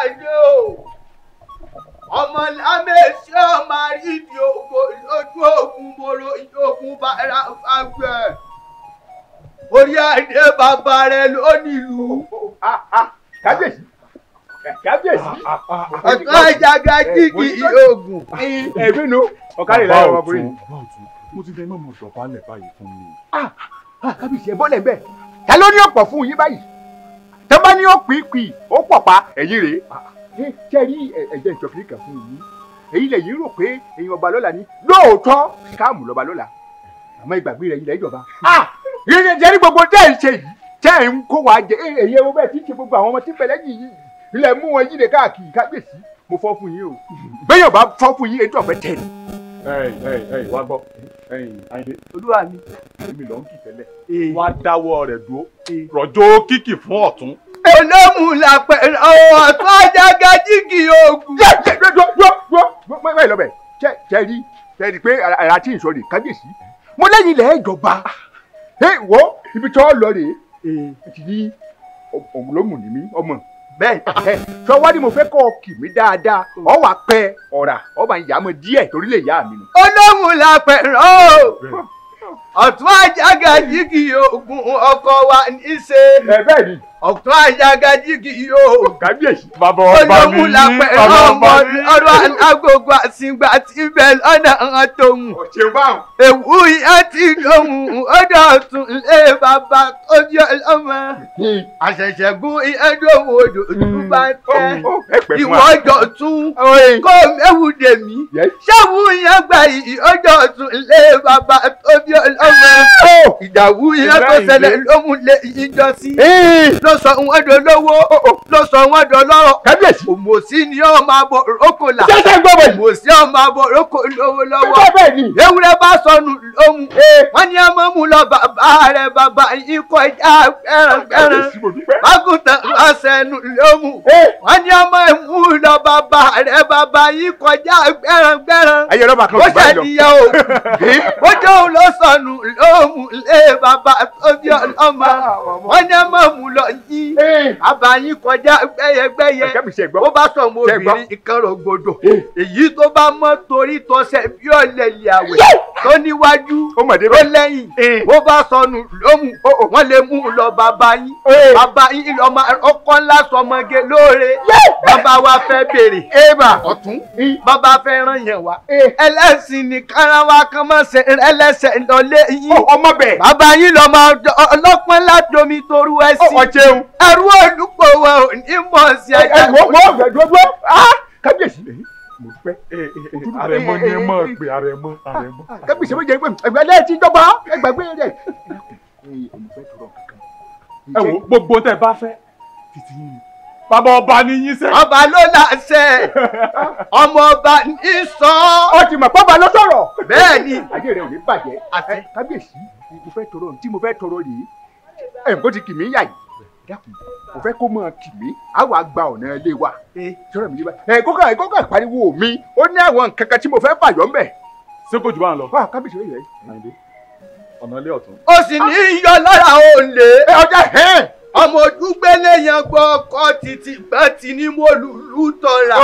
ayé o ọmọ lámẹsí ọmọ àrídìí ògbó lójú ogun moro ogun bára àgbẹ orí adé bàbá rẹ lónìlú. kábíyèsí kábíyèsí. ọ̀tọ́ ìjàgá jígì ìyóògùn. ẹ̀mí nu ọ̀kárẹ̀ láyé ọmọkùnrin. mo ti dẹ́ mọ́ mọ́ sọ̀pálẹ̀ báyìí fún mi. Ah, ah, kábíyèsí ẹ̀ bọ́lẹ̀ bẹ́ẹ̀ ta ló ní ọ̀pọ̀ fún yín báyìí tẹ́ bá ní ọ̀pìnpìn ó pọ̀ pa ẹ̀yìn rèé ah, ṣe rí ẹ̀jẹ̀ ìjọkiri kan fún yìí èyí lè yín rò pé èyàn ọba lọ́la ni lóòótọ́ káàmù lọ́ba lọ́la àmọ́ ìgbàgbé rẹ̀ ilẹ̀ ìjọba yíyan jẹ́ ní gbogbo tẹ́ ẹ̀ ń ṣe yìí tẹ́ ẹ̀ ń kó wa jẹ èyí ẹ̀wọ́ bẹ́ẹ̀ tí ń ṣe gbogbo àwọn ọmọ tí ń bẹ lẹ́yìn yìí ilẹ̀ mú wọn yí lè káàkiri kábíyèsí mo fọ́ fún yín o bẹ́ẹ̀ yóò bá fọ́ fún yín ètò ọ̀fẹ́ tẹ̀ ni. ẹ ẹ ẹ wá gbọ́ Ayinde. Olúwa mi. Èmi ló ń kì tẹ́lẹ̀. Wá dáwọ́ rẹ̀ dúró. Rọ̀jò kíkì fún ọ̀tún. Olómù la pẹ̀lú ọ̀wọ̀ tó ajága jígì oògùn. Mẹ́rin lọ bẹ̀, tẹ́rí tẹ́rí pé ara tí ń sọ rè kábíyèsí. Mo lẹ́yìn ilẹ̀ ìjọba. Ẹ wo ibi tí wọ́n lọ rèé. Ẹ ti ní ọ̀gbọ̀n lómù ní mí ọmọ bẹ́ẹ̀ sọwọ́ ni mo fẹ́ kọ́ kì mí dáadáa ọ wà pẹ́ ọ̀rà ọba ìyá mi díẹ̀ torí lè yá mi nù. olóhùn la pẹ̀rọ ọ̀tún ajága yìí kì í ogun ọkọ wa ní í ṣe. ẹ bẹ́ẹ̀ ni ọ̀tún àjàgàjìgì yóò. kábíyèsí bàbá ọba mi ní bàbá ọba mi. ọ̀rọ̀ agogo àsìngbà ti bẹ̀ lọ́nà àwọn tóun. èwú yẹn ti lóhùn ọ̀dọ̀ ọ̀tún lé bàbá tó bí ọlọ́mọ. àṣẹ̀ṣẹ̀ gún ìyẹn lóhùn odò tún bá tẹ́. ìwọ ọjọ́ tún kó mẹ́wù dèmí. ṣẹ́wù yẹn gbà yìí ọjọ́ ọ̀tún lé bàbá tó bí ọlọ́mọ ìdàwú iná tó ṣẹlẹ̀ ló mú lé ìjọ sí. ló sọ wọn dọ lówó ló sọ wọn dọ lọ́rọ̀. kábíyèsí. òmòsí ni ó máa bọ òrókò là. sẹ́sẹ̀ gbọ́ bẹ́ẹ̀. òmòsí ó máa bọ òrókò lówó lọ́wọ́. sẹ́sẹ̀ bẹ́ẹ̀ ni. ewúrẹ́ bá sọnù lóhun. wọ́n ní ọmọ mú lọ bàbá rẹ̀ bàbá ikọ̀ ẹran ẹran. bákùtà ọ̀sẹ̀nu lóhun. wọ́n ní ọmọ mú lọ bàbá rẹ̀ bàbá ikọ̀ ẹran ẹran. ayé ọlọ́mọ àkànlọ́ lé bàbá tóbi ọmọ wọn ní ọmọ mú lọ yí eh. àbáyín kọjá gbẹyẹgbẹyẹ ó bá sọ ọmọ obìnrin ìkànnì ògbòdò eh. èyí tó bá mọ torí tọ́sẹ̀ bí ọ̀lẹ́lẹ̀ àwẹ̀ tó níwájú tó lẹ́yìn bó bá sọnù lómù wọ́n lè mú un lọ bàbá yín bàbá yín ọmọ ọkọ ńlá sọmọge lóore bàbá wa fẹ́ béèrè èèbà ọ̀tún bàbá fẹ́ ràn yẹn wá ẹlẹ́sìn nìkan ra wa kan mọ̀ ṣe ẹlẹ́sẹ̀ lọ́lé yín ọmọbẹ̀ bàbá yín lọ́mọ ọlọ́pọ́n ládomi torú ẹ̀sìn ẹ̀rú olùkọ́ wa ò ní mọ̀ sí ẹ̀jẹ̀. ẹ̀rú àrẹ̀mọ ni ẹ mọ̀ pé àrẹ̀mọ àrẹ̀mọ. Ah, ah, kẹ́bí ìṣèlú jẹ́ pé ẹgbẹ́lẹ́ ti jọba ẹgbàgbé rẹ̀. ẹ wo gbogbo tẹ bá fẹ́ bàbá ọba ni yín sẹ. ọba ló láṣẹ ọmọ ọba ní sọ. ó ti mọ̀ pọ́ba ló sọ̀rọ̀. bẹ́ẹ̀ ni. ayé rẹ ò ní bàjẹ́ kábíyèsí mo fẹ́ tọrọ tí mo fẹ́ tọrọ rèé ẹ̀ ń bó ti kì mí yà yìí kò fẹ́ kó mọ̀ kì mí àwọn àgbà ọ̀nà ilé wa eh. ṣọ́ra mi yíba ẹ̀ eh, kókà ẹ̀ kókà pariwo mi ó ní àwọn nǹkan kan tí mo fẹ́ fàyọ́ mbẹ̀. ṣé kò jù bá ń lọ. wà kábíyèsí rẹ̀ yẹ ọ̀nà ilé ọ̀tún. o sì ní í yọ lára òǹlé. ẹ eh, ọjà hẹ́ẹ̀ ọmọ ojúgbélé yan gbọ́ ọkọ títí gbọ́n ti ní mo lùlù tọ́ra.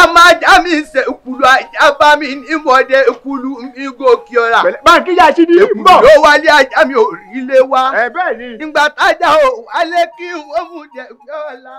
ọmọ ajá mi ṣe ìkùlù ajá bá mi ní mọ̀dé ìkùlù mi gòkè ọ̀ra. báńkì yà sí ní bọ̀. èkùlù wálé ajá mi ò rí lé wa. ẹ tájà ò wálé kí wọ́n mú jẹ́ gbé ọ̀la.